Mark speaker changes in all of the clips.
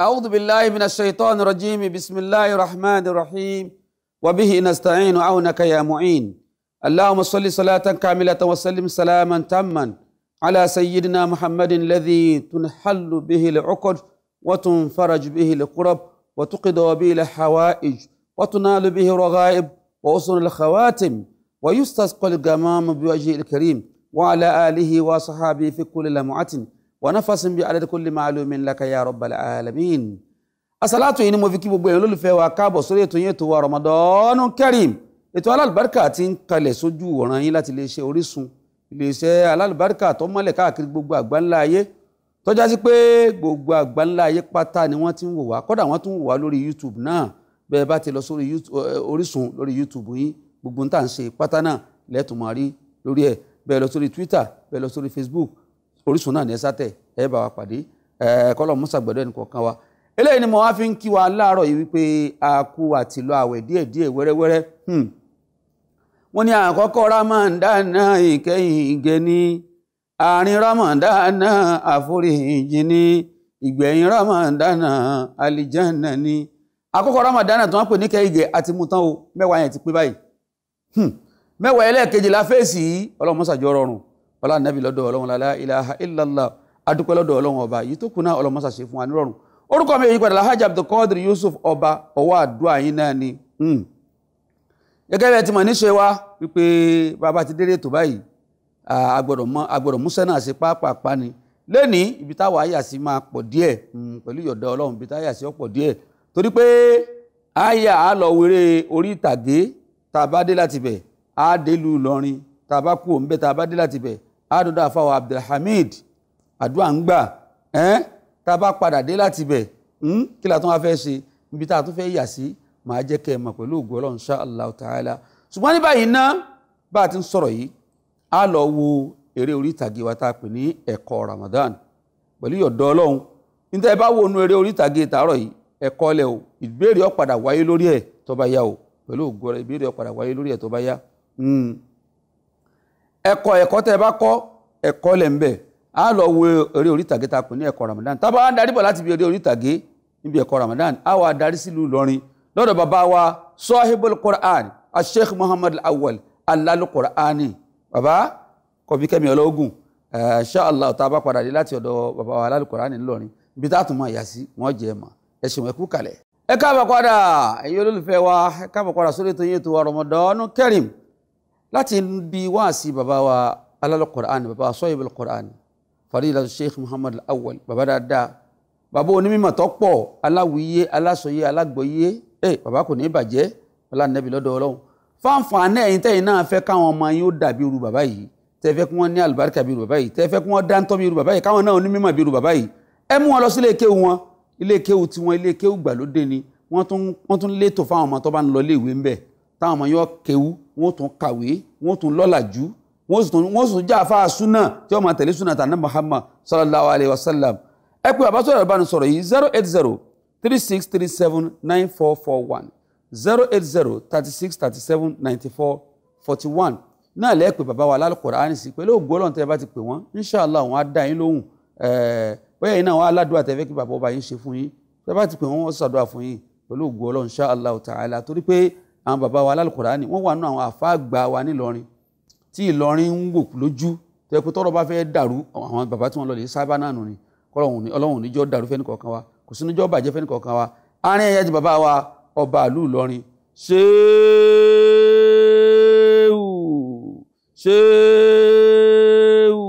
Speaker 1: أعوذ بالله من الشيطان الرجيم بسم الله الرحمن الرحيم وبه نستعين عونك يا معين اللهم صل صلاة كاملة وسلم سلاما تاما على سيدنا محمد الذي تنحل به العقد وتنفرج به القرب وتقضى به الحوائج وتنال به الرغائب وأصول الخواتم ويستسقى الغمام بوجهه الكريم وعلى آله وصحابه في كل لمعة ونفس بعدد كل معلوم لك يا رب العالمين asalatu yìí ni mo fi kí gbogbo èèyàn lólùfẹ́ wa káàbọ̀ sórí ètò yẹn ètò wa Ramadan Kareem ètò alálùbáríkà ti ń kalẹ̀ sójú ọ̀ràn yín láti iléeṣẹ́ Orísun iléeṣẹ́ alálùbáríkà tó mọ́lẹ̀ káàkiri gbogbo àgbáńlá ayé tọ́já sí pé gbogbo àgbáńlá ayé pátá ni wọ́n ti ń wò wá kódà wọ́n tún wò wá lórí YouTube náà bẹ́ẹ̀ bá ti lọ sórí Orísun lórí YouTube yín gbogbo ń tà ń ṣe pátá náà lẹ́tùmọ̀ rí lórí ẹ̀ bẹ́ẹ̀ lọ sórí Twitter bẹ́ẹ̀ lọ sórí Facebook Orísun náà ní ẹsà tẹ ẹ bá wa pàdé ẹ kọlọ musa gbẹdọ ẹnì kọ̀ọ̀kan wa eléyìí ni mo wá fi ń kí wa láàárọ̀ yìí wípé a kú àtìlọ àwẹ̀ díẹ̀díẹ̀ wẹ́rẹ́wẹ́rẹ́ hmm. wọ́n ní àkọ́kọ́ Ramadan náà ìkẹyìn ìgẹni àárín Ramadan náà àforíjìn ni ìgbẹ̀yìn Ramadan náà ni àkọ́kọ́ Ramadan náà tí wọ́n pè ní kẹyìgẹ àti mutan o mẹ́wàá yẹn ti pé báyìí hmm. mẹ́wàá ẹlẹ́ẹ̀kejì la fèsì ọlọmọsàjọ rọrùn ọlá nàbí lọ́dọ̀ ọlọ́run la ilaha illallah adúpẹ́ lọ́dọ̀ ọlọ́run ọba yìí tó kù náà ọlọ́mọṣà ṣe fún wa nírọ̀rùn orúkọ mi ìyípadà alhaji abdulkadir yusuf ọba ọwọ́ àdúrà yín náà ni hmm. gẹ́gẹ́ bí ẹ ti mọ̀ níṣe wa wípé bàbá ti dérè tó báyìí agbọ̀dọ̀ músẹ́ náà ṣe pápápá ni lẹ́ni ibi táwa àyà sí máa pọ̀ díẹ̀ hmm, pẹ̀lú ìyọ̀dọ̀ ọlọ́run ibi táwa àyà sí ọ̀pọ̀ díẹ̀ torí pé àyà á lọ wéré orí ìtàgé tá a bá dé láti bẹ̀ á dé lu Ìlọrin tá a bá kú òun bẹ́ẹ̀ àdúrà fáwọn Abdulhamid àdúrà ń gbà ẹ́n tá a bá padà dé láti bẹ̀ hm? kí la tún wá fẹ́ ṣe ibi tá a tún fẹ́ yà sí màá jẹ́ kẹ́ ẹ mọ̀ pẹ̀lú ògo Ọlọ́run insha Allah ta'ala ṣùgbọ́n ní báyìí ná bá a ti ń sọ̀rọ̀ yìí a lọ wo eré orí ìtàgé wa tá a pè ní ẹ̀kọ́ Ramadan pẹ̀lú yọ̀dọ̀ Ọlọ́run níta ẹ bá wo inú eré orí ìtàgé tàárọ̀ yìí ẹ̀kọ́ lẹ̀ o ìbéèrè ó padà wáyé lórí ẹ̀ tó bá yá o pẹ̀lú ògo ìbéèrè ó padà wáyé lórí ẹ̀ tó bá yá hmm ẹ̀kọ́ ẹ̀kọ́ tẹ́ ẹ bá kọ́ ẹ̀kọ́ lẹ̀ ń bẹ̀ á lọ wo eré orí ta pè ní ẹ̀kọ́ Ramadan tábà wá ń darí bọ̀ láti ibi eré orí níbi ẹ̀kọ́ Ramadan á wà darí sílùú Ìlọrin lọ́dọ̀ bàbá wa sahibul Qur'an Sheikh Muhammad Awwal alalu Qur'ani Baba, kọ̀bí kẹ́mi ọlọ́gùn insha Allah tá a bá padà dé láti ọ̀dọ̀ bàbá wa alalu Qur'ani ńlọrin ibi tá a tún máa yà sí wọ́n jẹ́ mà ẹ̀sùn ẹ̀kú kalẹ̀. ẹ káàbọ̀ padà ẹ̀yin olólùfẹ́ wa ẹ káàbọ̀ padà sórí ètò yín ètò wa Ramadan Kareem láti bí wáàsí bàbá wa alálọ́ Qur'an bàbá wa sọ́yìn bẹ́ẹ̀ Qur'an fadila sheikh muhammad awal bàbá dáadáa bàbá onímọ̀ tó pọ̀ aláwìyé alásọyé alágbọ̀yé ẹ eh, bàbá kò ní bàjẹ́ ọlànàbí lọ́dọ̀ ọlọ́run fáǹfààní ẹ̀yin tẹ́yìn náà fẹ́ káwọn ọmọ yín ó dàbí irú bàbá yìí tẹ́ fẹ́ kí wọ́n ní àlùbáríkà bí irú bàbá yìí tẹ́ fẹ́ kí wọ́n dáńtọ́ bí irú bàbá yìí káwọn náà onímọ̀ bí irú bàbá yìí ẹ mú wọn lọ sí iléekéwu wọn iléekéwu tiwọn iléekéwu gbàlódé ni wọ́n tún létò fáwọn ọmọ tó bá ń lọ iléèwé ńbẹ̀ táwọn ọmọ yóò kéwu wọ́n tún kàwé wọ́n tún lọ́làjú wọ́n sì tún wọ́n tún já afá súnà tí wọ́n máa tẹ̀lé súnà tànà Muhammad sallallahu alayhi wa sallam ẹ pé bàbá sọ̀rọ̀ ìbánu sọ̀rọ̀ yìí zero eight zero three six three seven nine four four one zero eight zero thirty six thirty seven ninety four forty one náà lẹ́ẹ̀ pé bàbá wa lálùkùránì sí pé lóògùn ọlọ́run tẹ́ bá ti pè wọ́n inṣàlá àwọn á dá yín lóhùn bóyá yín náà wọ́n aládùúgbò àtẹ́fẹ́ kí bàbá ọba yín ṣe fún yín tẹ́ bá ti pè wọ́n wọ́n ṣàdúrà fún yín pẹ̀lú ògùn ọlọ́run inṣàlá ta'ala torí pé àwọn bàbá wa alálùkùránì wọ́n wà nù àwọn àfáàgbà wa nílọrin tí ìlọrin ń wò lójú tẹ́kù tọ́rọ̀ bá fẹ́ dàrú àwọn bàbá tí wọ́n lọ lè sábà náà nù ni ọlọ́run níjọ́ dàrú fẹ́ni kọ̀ọ̀kan wa kò sí níjọ́ bàjẹ́ fẹ́ni kọ̀ọ̀kan wa àárín ẹ̀yà ti bàbá wa ọba àlú ìlọrin ṣéèwù ṣéèwù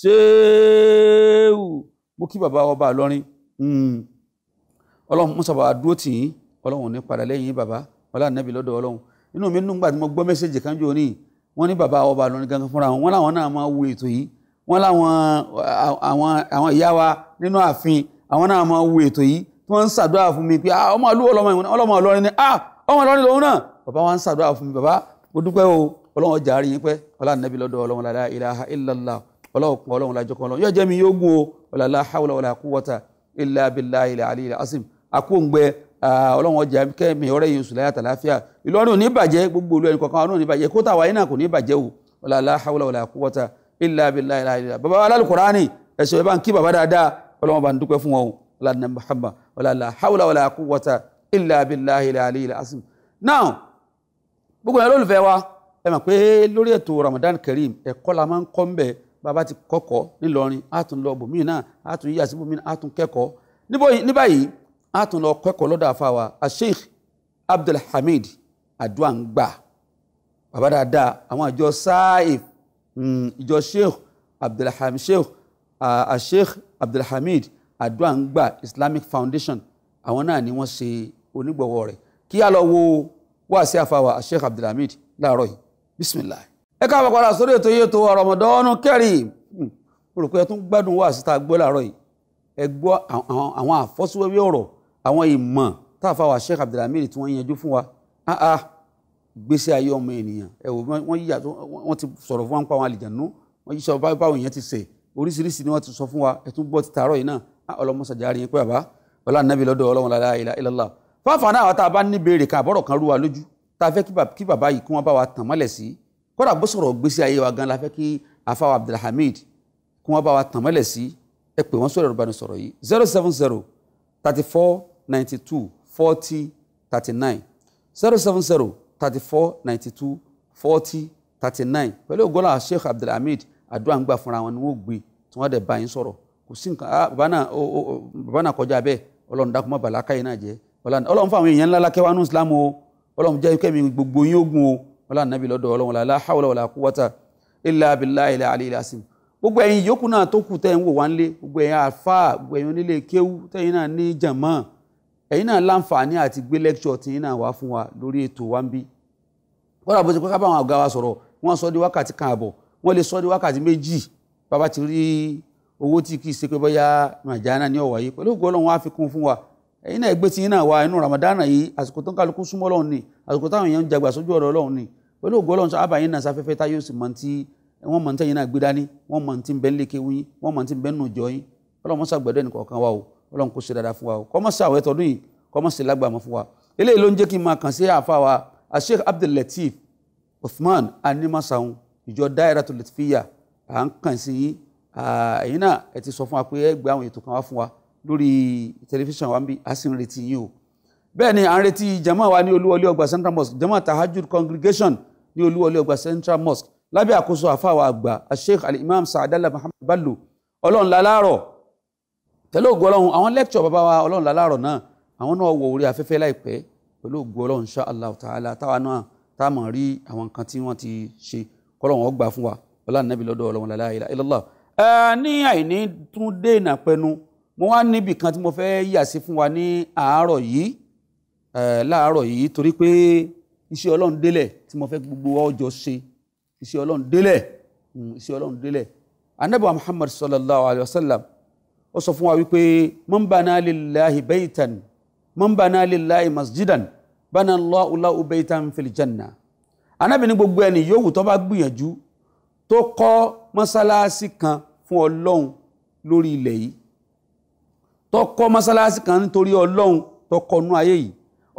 Speaker 1: ṣéèwù mo kí bàbá ọba ìlọrin hmm. ọlọ́run mọ́sàbà dúró tì yín ọlọ́run ní padà lẹ́yìn bàbá ọlá nàbí lọ́dọ̀ ọlọ́run inú mi nù gbà tí mo gbọ́ mẹ́sẹ̀jì kan jò ní wọ́n ní bàbá ọba lónìí gangan fúnra wọn wọ́n láwọn náà máa wo ètò yìí wọ́n láwọn àwọn ìyá wa nínú ààfin àwọn náà máa wo ètò yìí tí wọ́n ń ṣàdúrà fún mi pé ah, ọmọ àlú ọlọ́mọ ọlọ́rin ni ah, ọmọ ọlọ́rin lòun náà bàbá wa ń ṣàdúrà fún mi bàbá mo dúpẹ́ o ọlọ́run ọjà rí yín pẹ́ ọlá nàbí lọ́dọ̀ ọlọ́run ọlọ́run ọjà kẹ́mi ọ̀rẹ́ yìí oṣù láyàtà láfíà ìlọrin ò ní bàjẹ́ gbogbo olú ẹni kọ̀ọ̀kan ọ̀run ò ní bàjẹ́ kótà wáyé náà kò ní bàjẹ́ o ọ̀là aláhàwọ̀là ọ̀là àkúwọ́ta ilà abilà ilà ilà bàbá alálùkùránì ẹ̀sùn ẹ̀ bá ń kí bàbá dáadáa ọlọ́run bá ń dúpẹ́ fún wọn ọ̀là Muhammad ọ̀là aláhàwọ̀là ọ̀là àkúwọ́ta ilà abilà ilà ilà asim. now gbogbo ẹ̀ lólùfẹ́ wa ẹ mọ̀ pé lórí a tún lọ kẹ́kọ̀ọ́ lọ́dọ̀ àfàwà asheikh abdulhamid aduangba bàbá dáadáa àwọn àjọ saif hmm, ìjọ sheikh abdulhamid sheikh asheikh abdulhamid aduangba islamic foundation àwọn náà ni wọ́n ṣe onígbọ̀wọ́ rẹ̀ kí a lọ wo wáàsí àfàwà asheikh abdulhamid láàárọ̀ yìí bisimilahi. ẹ káàbọ̀ padà sórí ètò yìí ètò Ramadan Kareem hmm, mo rò pé ẹ tún gbádùn wáàsí tá a gbọ́ láàárọ̀ yìí ẹ gbọ́ àwọn àfọ́síwẹ́wẹ́ ọ̀rọ̀ àwọn ìmọ̀ tá a fa wa Sheikh Abdulhamid tí wọ́n yanjú fún wa ah ah gbèsè ayé ọmọ ènìyàn ẹ wò wọ́n yíyà wọ́n ti sọ̀rọ̀ fún wa ń pa àwọn àlìjànú wọ́n yíṣọ báwọn èèyàn ti ṣe oríṣiríṣi ni wọ́n ti sọ fún wa ẹ tún gbọ́ ti tààrọ̀ yìí náà ah, ọlọmọsàjáre yín pé bàbá ọlá nàbí lọ́dọ̀ ọlọ́run lálẹ́ àìlá ìlàlá náà tá a bá ní béèrè kan àbọ̀rọ̀ kan rú wa lójú tá a fẹ́ kí bàbá yìí kí wọ́n bá wa tàn mọ́lẹ̀ sí kódà bó sọ̀rọ̀ gbèsè ayé wa gan la fẹ́ kí afáwa Abdulhamid kí wọ́n bá wa tàn mọ́lẹ̀ sí ẹ pè wọ́n sọ̀rọ̀ ìrọ̀bánisọ̀rọ̀ yìí zero seven zero thirty four ninety two forty thirty nine zero seven zero thirty four ninety two forty thirty nine pẹ̀lú ògbọ́nà Sheikh Abdulhamid aduangba fúnra wọn ni wọ́n gbé tí wọ́n dẹ̀ bá yín sọ̀rọ̀ kò sí nǹkan ah bàbá náà ó ó bàbá náà kọjá bẹ́ẹ̀ ọlọ́run dákun má bàlá káyé náà jẹ́ ọlọ́run fún àwọn èèyàn ńlá lákẹ́wà nù Islam o ọlọ́run jẹ́ kẹ́mi gbogbo yín ogun o ọlọ́run nàbí lọ́dọ̀ ọlọ́run la hawla wala quwwata illa billahi al-aliyyil azim gbogbo ẹ̀yin yòókù náà tó kù tẹ́ ń wò wá ńlé gbogbo ẹ̀yin àfáà gbogbo ẹ̀yin onílé kéwú tẹ́yin náà ní jàmáà ẹ̀yin náà láǹfààní àti gbé lẹ́kṣọ̀ tí yín náà wá fún wa lórí ètò wa ń bí wọ́n rà bó ti pẹ́ kábàáwọn ọ̀gá wa sọ̀rọ̀ wọ́n sọ di wákàtí kan àbọ̀ wọ́n lè sọ di wákàtí méjì bàbá ti rí owó tí kì í ṣe pé bóyá màjánà ní ọ̀wá yìí pẹ̀lú ògùn ọlọ́run wá fi kún fún wa ẹ̀yin náà gbé tí yín náà wá inú ramadana yìí àsìkò tó ń kálukú súnmọ́ ọlọ́run ni àsìkò táwọn ọlọ́run kò ṣe dáadáa fún wa o kọ́mọ́sí àwẹ̀ tọdún yìí kọ́mọ́sí lágbàmọ́ fún wa eléyìí ló ń jẹ́ kí n máa kàn sí àfa wa Sheikh Abdul Lateef Uthman Animasahun ìjọ Dahiratu Latifiya à ń kàn sí yín ẹ̀yin náà ẹ ti sọ fún wa pé ẹ gbé àwọn ètò kan wá fún wa lórí tẹlifíṣàn wa ń bí a sì ń retí yín o bẹ́ẹ̀ ni à ń retí jama wa ní olúwọlé ọgbà central mosque jama tahajud congregation ní olúwọlé ọgbà central mosque lábẹ́ àkóso àfa wa àgbà Sheikh al-imam Saadallah Muhammad Bello ọlọ́run láláàrọ̀ pẹ̀lú ògùn ọlọ́run àwọn lẹ́kítọ̀ bàbá wa ọlọ́run lálárọ̀ náà àwọn náà wọ orí afẹ́fẹ́ láìpẹ́ pẹ̀lú ògùn ọlọ́run insha Allah ta'ala táwa náà tá a mọ̀ rí àwọn nǹkan tí wọ́n ti ṣe kọ́lọ́run ọgbà fún wa ọlọ́run nẹ́bí lọ́dọ̀ ọlọ́run la ilaha illallah. ẹ ní àìní tún dènà pẹnu mo wá níbì kan tí mo fẹ́ yà sí fún wa ní àárọ̀ yìí láàárọ̀ yìí torí ó sọ fún wa wípé man bana lillahi baytan man bana lillahi masjidan bana Allahu lahu baytan fil janna anábì ní gbogbo ẹni yòówù tó bá gbìyànjú tó kọ́ mọ́sálásí kan fún ọlọ́run lórí ilẹ̀ yìí tó kọ́ mọ́sálásí kan nítorí ọlọ́run tó kọ́ nú ayé yìí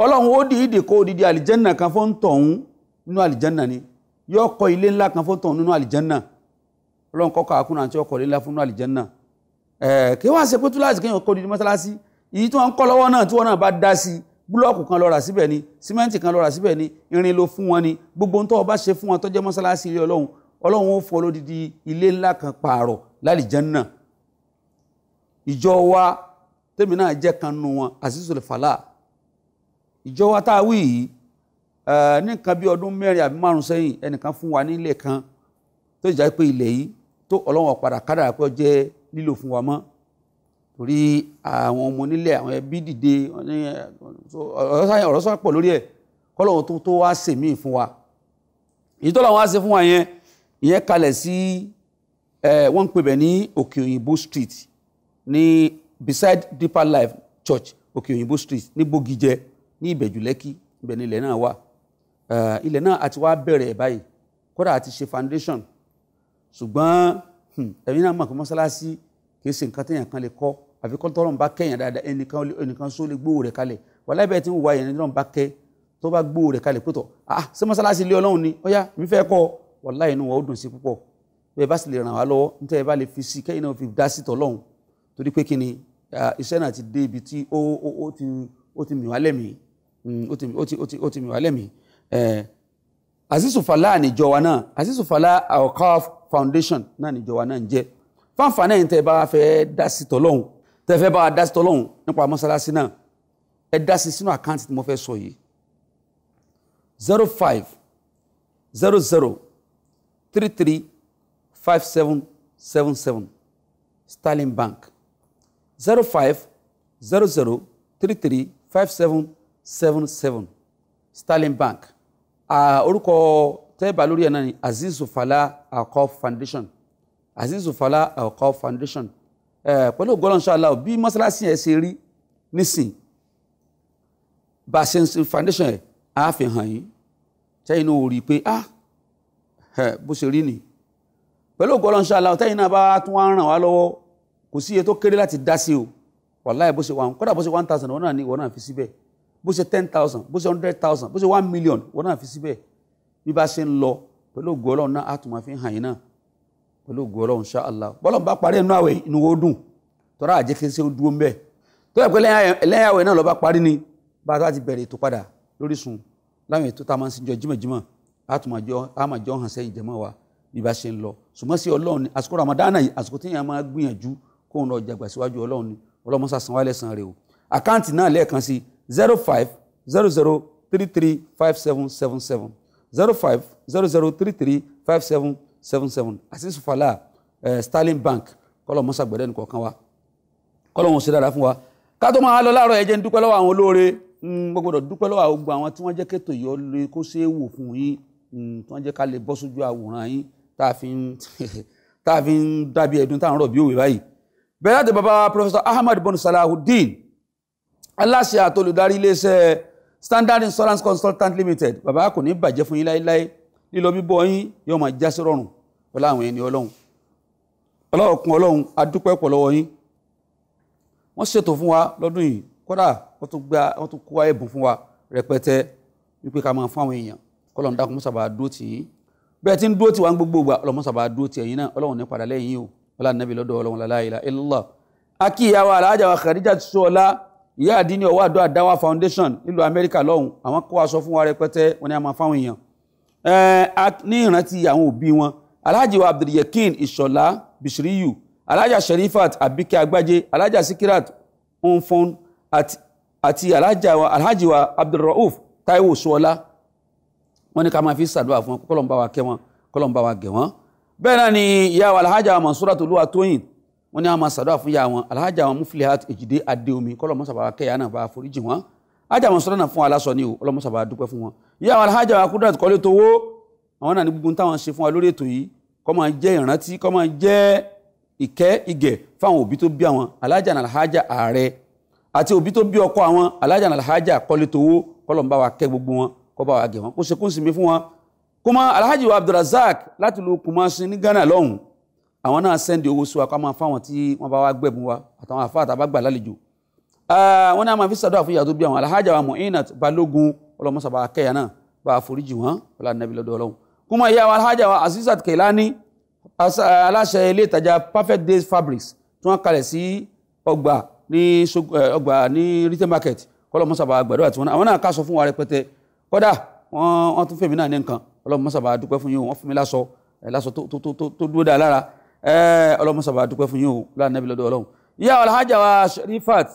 Speaker 1: ọlọ́run ó dìídì kó odidi àlìjẹ́nà kan fún tọ̀hún nínú àlìjẹ́nà ni yóò kọ́ ilé ńlá kan fún tọ̀hún nínú àlìjẹ́nà ọlọ́run kọ́ kàákùn àti ọkọ̀ ilé ńlá fún nínú àlìjẹ́nà Eh, kí wọ́n ṣe pé túláàsì kéèyàn kó dídí mọ́sálásí èyí tí wọ́n ń kọ́ lọ́wọ́ náà tí wọ́n náà bá dá sí búlọ́ọ̀kù kan lọ rà síbẹ̀ ni símẹ́ǹtì kan lọ rà síbẹ̀ ni irin ló fún wọn ni gbogbo ohun tó o bá ṣe fún wọn tó jẹ́ mọ́sálásí ilé ọlọ́run ọlọ́run ó fọ lódìdí ilé ńlá kan pààrọ̀ lálìjánnà ìjọ wa tèmi náà jẹ́ kan nu wọn àṣìṣe fàlà ìjọ wa tá a wí yìí eh, ní nǹkan bí ọdún mẹ́rin àbí márùn sẹ́yìn ẹnìkan fún wa ní kan tó ìjà pé ilẹ̀ yìí tó ọlọ́run ọ̀padà kádàrá pé ó jẹ́ nílò fún wa mọ́ torí àwọn ọmọ onílẹ̀ àwọn ẹbí dìde ọ̀rọ̀ sọ́pọ̀ lórí ẹ̀ kọ́lọ́hún tó tó wá sèmí fún wa èyí tó làwọn á ṣe fún wa yẹn ìyẹn kalẹ̀ sí wọ́n ń pè bẹ̀ ní òkè òyìnbó street ní beside deeper life church òkè òyìnbó street ní bógijẹ ní ìbẹ̀jú lẹ́kì ibẹ̀ ni ilẹ̀ náà wà ilẹ̀ náà àti wá bẹ̀rẹ̀ báyìí kódà àti ṣe foundation ṣùgbọ́n Hmm. ẹ̀yin náà mọ̀ pé mọ́sálásí kì í ṣe nǹkan téèyàn kan lè kọ́ àfi kọ́ tọ́lọ́run bá kẹ́yàn dáadáa ẹnìkan ẹnìkan só lè gbówó rẹ̀ kalẹ̀ wà láìpẹ́ tí ń wá yẹn nílọ́run bá kẹ́ tó bá gbówó rẹ̀ kalẹ̀ pẹ́tọ̀ ah ṣé mọ́sálásí ilé ọlọ́run ni ọ̀yá mi fẹ́ kọ́ wàláhì inú wọn ó dùn sí púpọ̀ bẹ́ẹ̀ bá sì lè ràn wá lọ́wọ́ níta ẹ bá lè fi sí kẹ́yìn náà fi dá sí tọ́lọ́run torí pé kí ni iṣẹ́ náà ti dé ibi tí ó ti mì wá lẹ́mìí ó ti mì wá lẹ́mìí hmm, azizu fala àníjọ wa náà azizu fala awqaf foundation náà níjọ wa náà ń jẹ́ fáǹfààní ẹ̀yin tẹ́ ẹ bá fẹ́ dá sí tọ́lọ́hún tẹ́ ẹ fẹ́ bá wa dá sí tọ́lọ́hún nípa mọ́sálásí náà ẹ dá sí sínú àkáǹtì tí mo fẹ́ sọ yìí zero five zero zero three three five seven seven seven Sterling Bank zero five zero zero three three five seven seven seven Sterling Bank orúkọ tẹ́ẹ̀bà lórí ẹ̀ náà ni Azizu Fala Alqaf Foundation Azizu Fala Alqaf Foundation pẹ̀lú ògbọ́n ṣáàlà bí mọ́sálásí ẹ̀ ṣe rí nísìn bá a ṣe ń ṣe foundation ẹ̀ á fi hàn yín tẹ́yìn náà ò rí i pé ah bó ṣe rí nìyí pẹ̀lú ògbọ́n ṣáàlà tẹ́yìn náà bá tún wá ràn wá lọ́wọ́ kò sí iye tó kéré láti dá sí o wàláì bó ṣe wà kódà bó ṣe one thousand wọn náà ní wọn náà fi síbẹ̀ bó ṣe ten thousand bó ṣe hundred thousand bó ṣe one million wọn náà fi síbẹ̀ bí bá ṣe ń lọ pẹ̀lú ògùn ọlọ́run náà àtùmọ̀ fi hàn yín náà pẹ̀lú ògùn ọlọ́run ṣá Allah bọ́lọ̀n bá parí inú àwẹ̀ inú wo dùn àjẹ́ kí ṣe ó dúró mbẹ́ tó yẹ pé lẹ́yìn àwẹ̀ náà lọ bá parí ni bá a tó ti bẹ̀rẹ̀ ètò padà lórísun láwọn ètò tá a máa ń sinjọ jímọ̀jímọ̀ àtùmọ̀jọ́ hàn sẹ́yìn jẹ́mọ́ wa bí bá ṣe ń lọ ṣùgbọ́n sí ọlọ́run ni àsìkò ramadana yìí àsìkò tí yẹn máa gbìyànjú kó ń lọ jàgbà síwájú zero five zero zero three three five seven seven seven zero five zero zero three three five seven seven seven àṣìṣe fàlà eh, Sterling Bank kọ́lọ̀ mọ́sá gbẹ̀dẹ́ nìkan kan wa
Speaker 2: kọ́lọ̀ wọn ò ṣe dára fún
Speaker 1: wa ká tó máa lọ láàárọ̀ ẹ jẹ́ n dúpẹ́ lọ́wọ́ àwọn olóore hmm, gbogbo dúpẹ́ lọ́wọ́ àwọn gbogbo àwọn tí wọ́n jẹ́ kétò yọ lè kó ṣe é wò fún yín hmm, tí wọ́n jẹ́ ká lè bọ́ sójú àwòrán yín tá a fi ń tá a fi ń dàbí ẹ̀dùn tá rọ̀ bí òwe báyìí bẹ́ẹ̀ láti bàbá Professor Ahmad Bonu Salahuddin aláṣẹ àtolùdarí iléeṣẹ́ standard insurance consultant limited bàbá kò ní bàjẹ́ fún yín láéláé lílọ bíbọ̀ yín yóò máa já sí rọrùn pẹ̀lú àwọn ẹni ọlọ́run ọlọ́run kun ọlọ́run adúpẹ́ pọ̀ lọ́wọ́ yín wọ́n ṣètò fún wa lọ́dún yìí kódà wọ́n tún gba wọ́n tún kó ẹ̀bùn fún wa rẹpẹtẹ wípé ká máa fún àwọn èèyàn kọ́lọ́run dákun mọ́sàbà dúró tì yín bẹ́ẹ̀ tí ń dúró tì wá gbogbo ìgbà ọlọ́run mọ́sàbà dúró la ilaha illallah akíyàwó alájà wa Khadija ìyá àdín ní ọwọ́ àdó àdáwà foundation nílùú amẹ́ríkà lọ́hùn àwọn kó aṣọ fún wa rẹpẹtẹ wọn ni a máa fáwọn èèyàn ní ìrántí àwọn òbí wọn alhaji wa abdulyakin ìṣọ̀lá bishriyu alhaja sherifat abike agbaje alhaja sikirat nfon àti alhaji wa abdulrauf taiwo suola wọn ni ká máa fi ṣàdúrà fún wọn kọlọm bá wa kẹ́ wọn wa gẹ̀ wọn náà ni ìyá wa alhaja mansurat olúwa tóyìn wọ́n ní àwọn máa ṣàdúrà fún ìyá wọn alhaji àwọn Muflihat Èjìdé Adéomi kọ́lọ̀ mọ́sàbà kẹ́yà náà bá foríjì wọn ajá àwọn sọ́dọ̀ náà fún wa lásọ ní o ọlọ́mọ sábà dúpẹ́ fún wọn ìyá àwọn alhaja àwọn akúndà kọ́lé tó wó àwọn náà ní gbogbo táwọn ṣe fún wa lórí ètò yìí kọ́ máa jẹ́ ìrántí kọ́ máa jẹ́ ìkẹ́ ìgẹ̀ fáwọn òbí tó bí àwọn alhaja náà alhaja ààrẹ àti òbí tó bí ọkọ àwọn alhaja náà alhaja kọ́lé tó wó kọ́lọ̀ ń bá wa kẹ́ gbogbo wọn àwọn náà sẹ́ndì owó sí wa ká máa fáwọn tí wọ́n bá wá gbẹ̀bùn wa àtàwọn àfáà tá a bá gbà lálejò ah, wọ́n náà máa fi sàdúrà fún ìyá tó bí àwọn alhaja wa Muinat Balógun ọlọmọsàbà akẹyà náà bá a foríjì wọn ọlá nàbí lọ́dọ̀ Ọlọ́run kúmọ ìyá wa alhaja wa Azizat Kelani aláṣẹ ilé ìtajà Perfect Days Fabrics tí wọ́n kalẹ̀ sí ọgbà ní eh, ọgbà ní retail market ọlọmọsàbà àgbàdo àti wọn àwọn náà ká sọ fún wa rẹpẹtẹ kódà wọ́n tún fèmí náà ní nǹkan ọlọmọsàbà dúpẹ́ fún yín wọ́n fún mi láṣọ eh, láṣọ tó dúró dáa lára Eh, ọlọ́mọsọ̀bà dúpẹ́ fún yín o lánàbí lọ́dọ̀ ọlọ́run ìyá alhaja wa sharifat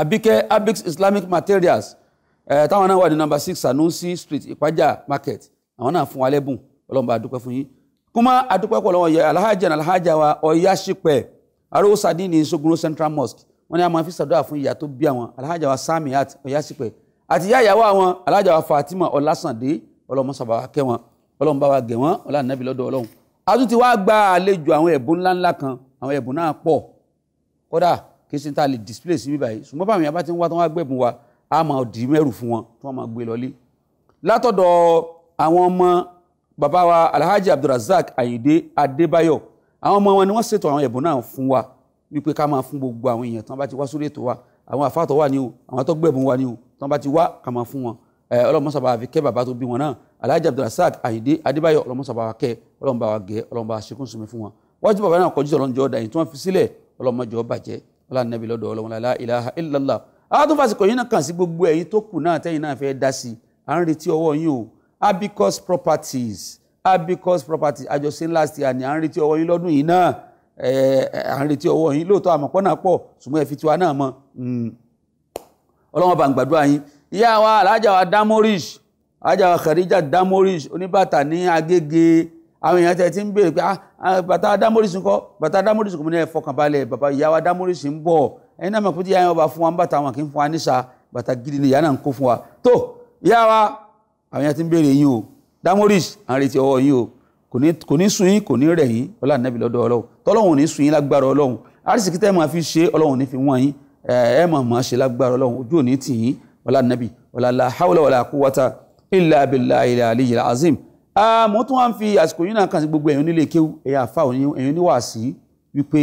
Speaker 1: abike abix islamic materials eh, táwọn náà wà ní number six sanusi street ìpájà market àwọn náà fún wa lẹ́bùn ọlọ́mọba dúpẹ́ fún yín kúmọ́ adúpẹ́ pọ̀ lọ́wọ́ alhaja na alhaja wa ọ̀yáṣípẹ̀ arósàdí ní sogoro central mosque wọ́n ní a máa fi sàdúrà fún ìyá tó bí àwọn alhaja wa samiat ọ̀yáṣípẹ̀ àti ìyá ìyàwó àwọn alhaja wa fatima ọ̀làsàndé ọlọ́mọsọ̀bà kẹ́ wọn ọlọ́mọba wa gẹ̀ wọn ọlá a tún ti wá gba àlejò àwọn ẹ̀bùn ńláńlá kan àwọn ẹ̀bùn náà pọ̀ kódà kí sí ta lè display síbí báyìí ṣùgbọ́n báwọn yàrá bá ti ń wá tán wá gbẹ̀bùn wa a máa dì í mẹ́rù fún wọn tí wọ́n máa gbé lọlé látọ̀dọ̀ àwọn ọmọ bàbá wa Alhaji Abdulrasaq Ayinde Adébáyọ̀ àwọn ọmọ wọn ni wọ́n ṣètò àwọn ẹ̀bùn náà fún wa wípé ká máa fún gbogbo àwọn èèyàn tán bá ti wá sórí ètò wa àwọn àfáàtọ̀ wà ní o àwọn àtọ́gbẹ̀bùn wà ní o tán bá ti wá ká máa fún wọn ọlọ́mọ sábà àfikẹ́ bàbá tó bí wọn náà alhaji abdulrasaq ayinde adébáyọ ọlọmọsàbàwákẹ ọlọmọbàwágẹ ọlọmọbàṣekúnsùnmi fún wọn wájú bàbá náà kọjú ọlọ́njọ́ dàyìn tí wọ́n fi sílẹ̀ ọlọmọjọ bàjẹ́ ọlànàbí lọ́dọ̀ ọlọmọlá ilaha illallah àtúnfàsìkò yìí náà kàn sí gbogbo ẹ̀yin tó kù náà tẹ́yìn náà fẹ́ dá sí i à ń retí ọwọ́ yín o abicus properties abicus properties àjọṣe ńlá sí àní à ń retí ọwọ́ yín lọ́dún yìí náà à ń retí ọwọ́ yín lóòótọ́ àmọ̀pọ̀ náà pọ̀ ṣùgbọ́n ẹ fi tiwa náà mọ́ hmm. ọlọ́wọ́n bá ń gbàdúrà yín ìyá wa alájà wa dámorish ajáwa Khadija Damoris oníbàtà ní Agége àwọn èèyàn tẹ ti ń béèrè pé ah, ah, bàtà Damoris ńkọ́ bàtà Damoris kò ní ẹ fọkànbalẹ̀ bàbá ìyàwó Damoris ń bọ̀ ẹni náà mọ̀ pé ìyá yẹn bá fún wa ń bàtà wọn kì í fún wa níṣà bàtà gidi ni ìyá náà ń kó fún wa tó ìyá wa àwọn èèyàn ti ń béèrè yín o Damoris à ń retí ọwọ́ yín o kò ní sun yín kò ní rẹ̀ yín ọlá nàbì lọ́dọ̀ ọlọ́run tọ́lọ́run ò ní sun yín lágbára ọlọ́run la hawla wàlá ilà abilà ilà aliyu azim mo tún wá ń fi àsìkò yìí náà kàn sí gbogbo ẹ̀yin onílé kéwú ẹ̀yin àfa ẹ̀yin oníwàásí wípé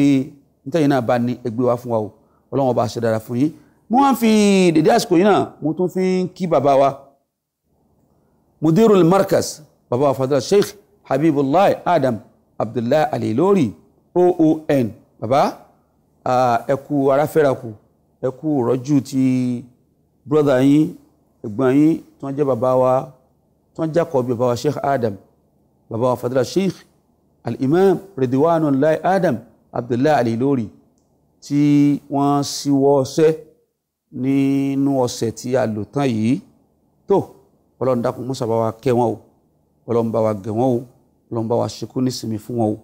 Speaker 1: nítẹ̀yìn náà bá ní ẹgbẹ́ wa fún wa o ọlọ́run ọba ṣe dára fún yín mo wá ń fi dèdè àsìkò yìí náà mo tún fi ń kí bàbá wa mudirul markaz bàbá wa fadúrà sheikh habibullah adam abdullahi alilori oon bàbá ẹkú aráfẹ́rakù ẹkú rọ́jú ti brọ́dà yín ẹ̀gbọ́n yín tí wọ́n jẹ́ bàbá wa tí wọ́n jákọ̀ bí bàbá wa sheikh adam bàbá wa fadila sheikh al-imam ridwanullahi adam abdullahi al-ilori tí wọ́n ṣíwọ́ ọṣẹ́ nínú ọ̀sẹ̀ tí a lò tán yìí tó ọlọ́run dákun mọ́sá bá wa kẹ́ wọn o ọlọ́run bá wa gẹ̀ wọn o ọlọ́run bá wa ṣekú nísìmí fún wọn o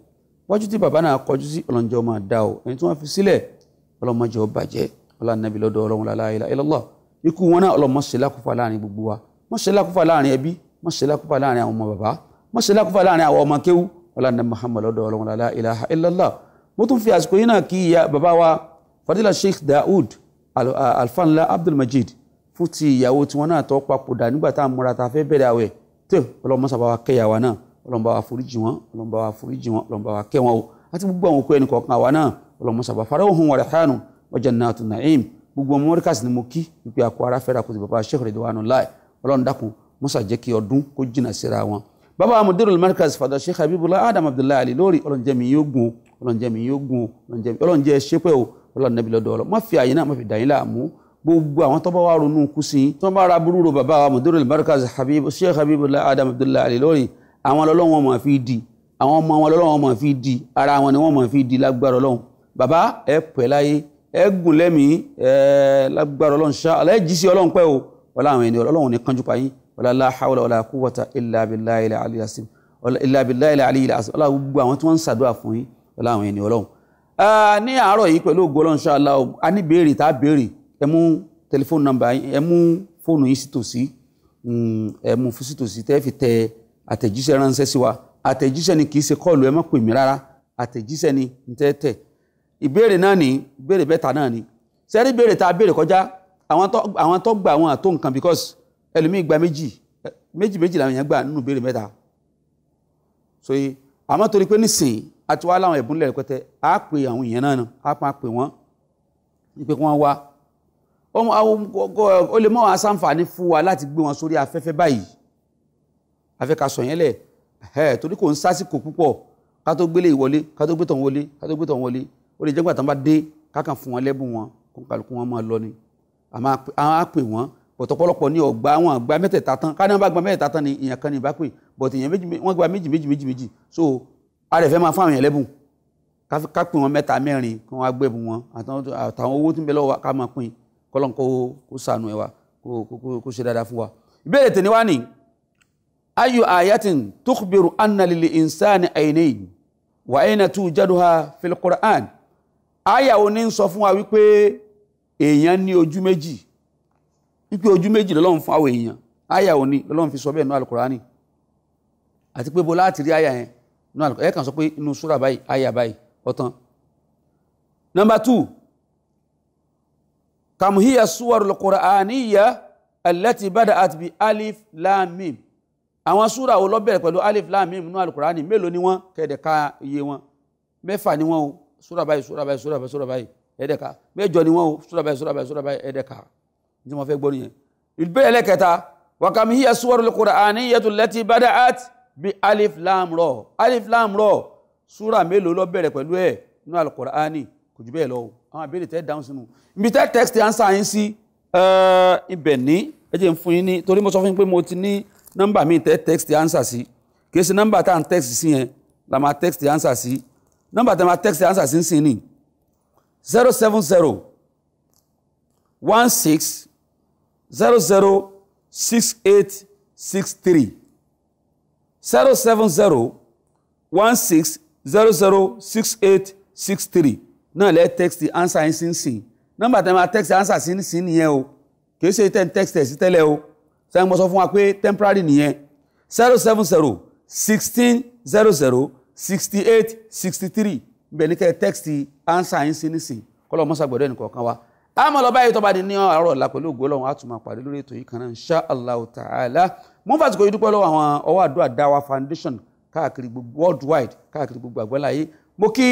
Speaker 1: wájú tí bàbá náà kọjú sí ọlọ́njọ́ máa dá o ẹni tí wọ́n fi sílẹ̀ ọlọ́run má bàjẹ́ ọlọ́run nàbí lọ́dọ̀ ọlọ́run la ilaha illallah ikú wọn náà ọlọ́mọ ṣe lákúfà láàrin gbogbo wa mọ ṣe lákúfà láàrin ẹbí mọ ṣe lákúfà láàrin àwọn ọmọ bàbá mọ ṣe lákúfà láàrin àwọn ọmọ kéwú ọlọ́dẹ muhammed ọdọ ọlọ́run lálá ilaha illallah mo tún fi àsìkò yìí náà kí ìyá bàbá wa fadila sheikh daoud alfanla abdulmajid fún ti ìyàwó tí wọn náà tọ́ papòdà nígbà tá à ń múra tá a fẹ́ bẹ̀rẹ̀ àwẹ̀ tó ọlọ́mọ sábà wa kẹ́yàwó náà ọlọ́mọba wa foríjì wọn wa foríjì wa jannatu na'im gbogbo ọmọ mọ́ríkàsì ni mo kí wípé àkó ara fẹ́ra kó ti bàbá Sheikh Ridwanullahi ọlọ́run dákun mọ́sà jẹ́ kí ọdún kó jìnnà síra wọn. bàbá mudirul markaz fada Sheikh Habibullah Adam Abdullahi Ali lórí ọlọ́run jẹ́ mi yóò gun o ọlọ́run jẹ́ mi yóò gun o ọlọ́run jẹ́ ṣépẹ́ o ọlọ́run nẹ́bi lọ́dọ̀ ọlọ́ má fi àyè náà má fi dàyín láàmú gbogbo àwọn tó bá ronú kú sí Adam Abdullahi Ali lórí àwọn ọlọ́run wọn di àwọn ọmọ wọn ọlọ́run wọn máa fi di ara wọn ni wọn máa fi di lágbára ọlọ́run bàbá ẹ pẹ́ láyé ẹ gùn lẹ́mìí ẹ lágbára ọlọ́run ṣá alẹ́ jí sí ọlọ́run pẹ́ o wọlé àwọn ènìyàn ọlọ́run ní kánjú payín wọlé aláhàwọlé wọlé àkúwọ̀ta ìlàbíláìlà àlìyàsìm ìlàbíláìlà àlìyàsìm ọlọ́run gbogbo àwọn tí wọ́n ń ṣàdúrà fún yín wọlé àwọn ènìyàn ọlọ́run. ní àárọ̀ yìí pẹ̀lú ògo ọlọ́run ṣá aláwọ̀ a ní béèrè tá a béèrè ẹ mú tẹlifóònù nọ́mbà ẹ mú fóònù yín sítòsí hmm, ẹ mú fún sítòsí tẹ́ fi tẹ àtẹ̀jíṣẹ́ ránṣẹ́ sí wa àtẹ̀jíṣẹ́ ni kì í ṣe kọ́ọ̀lù ẹ má pè mí rárá àtẹ̀jíṣẹ́ ni tẹ́ tẹ̀ ìbéèrè náà ní ìbéèrè bẹ́ta náà ní sẹ́rí ìbéèrè tá a béèrè kọjá àwọn tó gbà wọn àtó nǹkan because ẹlòmíì gba méjì méjì méjì làwọn èèyàn gbà nínú ìbéèrè mẹ́ta so àmọ́ torí pé nísìnyí àti wá láwọn ẹ̀bùnlẹ̀ rẹpẹtẹ á pè àwọn èèyàn náà náà a pa pè wọ́n ìpè kí wọ́n wá ó lè mọ́ àwọn asáǹfààní fún wa láti gbé wọn sórí afẹ́fẹ́ báyìí afẹ́ ká sọ yẹn lẹ̀ torí kò ń sásìkò púpọ̀ ká tó gbélé ìwọlé ká tó gbé tọ̀hún wọlé ká gbé tọ̀hún wọlé ó lè jẹ́ gbà tán bá dé kákan fún wọn lẹ́bùn wọn kó kálukú wọn máa lọ ni àmọ́ á pè wọ́n pọ̀tọ́pọ̀lọpọ̀ ní ọgbà wọn gba mẹ́tẹ̀ẹ̀ta tán káni wọn bá gba mẹ́tẹ̀ẹ̀ta tán ni èèyàn kan ní ìbá pè but méjì wọn gba méjì méjì méjì méjì so ààrẹ fẹ́ máa fún àwọn èèyàn lẹ́bùn ká pè wọn mẹ́ta mẹ́rin kí wọ́n á wọn àtàwọn owó tó ń bẹ lọ́wọ́ ká máa pín kọ́lọ́n kó sànù ẹ̀ wa kó ṣe dáadáa fún wa. ìbéèrè tèmi wá ní ayu ayatin tukhbiru anna insani aynayn wa ayna tujaduha fil àyàwó ní ń sọ fún wa wípé èèyàn ní ojú méjì wípé ojú méjì lọ́lọ́run fún àwọn èèyàn àyàwó ní lọ́lọ́run fi sọ bẹ́ẹ̀ nínú alukurani àti pé bó láti rí àyà yẹn nínú alukurani ẹ kàn sọ pé inú súrà báyìí àyà báyìí ọ̀tán. nọ́mbà two kàmùhíyà súwárù lukuraaniya alẹ́tì bàdà àti bíi alif lam mim àwọn súrà wo ló bẹ̀rẹ̀ pẹ̀lú alif lam mim nínú alukurani mélòó ni wọ́n kẹ̀dẹ̀ ka iye wọn mẹ́fà ni wọ́n o súra báyìí súra báyìí súra báyìí súra báyìí ẹ̀ẹ́dẹ̀ka mẹ́jọ ni wọ́n o súra báyìí súra báyìí súra báyìí ẹ̀ẹ́dẹ̀ka ní wọ́n fẹ́ gbọ́ nìyẹn. ìbéèrè lẹ́kẹta wàkàmí hiya suwarul qur'aniyyatu allati bada'at bi alif lam ra alif lam ra súra mélòó ló bẹ̀rẹ̀ pẹ̀lú ẹ̀ nínú alukur'ani kò jù bẹ́ẹ̀ lọ o àwọn àbẹ̀rẹ̀ tẹ́ dáhùn sínú. ibi tẹ́ text answer yín sí ibẹ̀ ní ẹ jẹ́ n fún yín ní torí mo sọ fún yín pé mo ti ní nọ́mbà mi tẹ́ text answer sí kì í ṣe nọ́mbà tá à ń text sí yẹn Si nọ́mbà tí a máa text answer sí ń sìn zero seven zero one six zero zero six eight six three zero seven zero one six zero zero six eight six three náà lẹ́ text answer yín sí ń sìn nọ́mbà tí máa text answer sí ń sìn nìyẹn o kì í ṣe ten text ẹ̀ sí tẹ́lẹ̀ o sẹ́yìn mo sọ fún wa pé temporary nìyẹn zero seven zero sixteen zero zero sixty eight sixty three bẹ́ẹ̀ ní kẹ́ tẹ́kìtì ánsà yín sí nísìn kọ́lọ́ mọ́sá gbọ́dọ̀ ẹnì kọ̀ọ̀kan wa àmọ́ lọ báyìí tọ́ba di ní àárọ̀ ọ̀la pẹ̀lú ògo Ọlọ́run á tún máa pàdé lórí ètò yìí kan náà insha Allah ta'ala mo ń fàtìkọ́ yìí dúpẹ́ lọ́wọ́ àwọn ọwọ́ àdúrà dáwà foundation káàkiri gbogbo worldwide káàkiri gbogbo àgbáláyé mo kí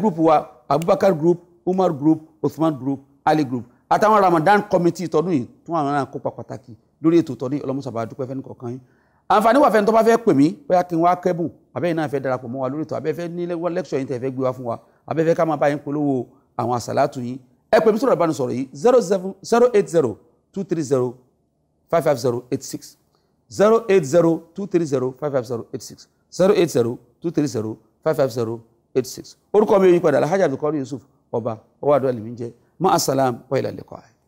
Speaker 1: group wa Abubakar group Umar group Othman group Ali group àtàwọn Ramadan committee tọdún yìí tún àwọn náà kópa pàtàkì lórí ètò tọdún ọlọ́mọsàbà dúpẹ́ fẹ́ni kọ̀ọ̀kan yín àǹfààní wà fẹ́ni tó bá fẹ́ pè mí bóyá kí n wá kẹ́bùn abẹ́yìn náà fẹ́ darapọ̀ mọ́ wa lórí ìtọ́ abẹ́fẹ́ ní lẹ́kṣọ̀ yìí tẹ̀ fẹ́ gbé wa fún wa abẹ́fẹ́ ká máa bá yín polówó àwọn àsàlátù yín ẹ pè mí sọ̀rọ̀ yìí zero seven zero eight zero two three zero five five zero eight six zero eight zero two three zero five five zero eight six zero eight zero two three zero five five zero eight six orúkọ mi yóò yí padà alhaji abdulkadir yusuf ọba ọwọ́ àdúrà lèmi ń jẹ́ ma asalam wa ilà lẹ́kọ̀ọ́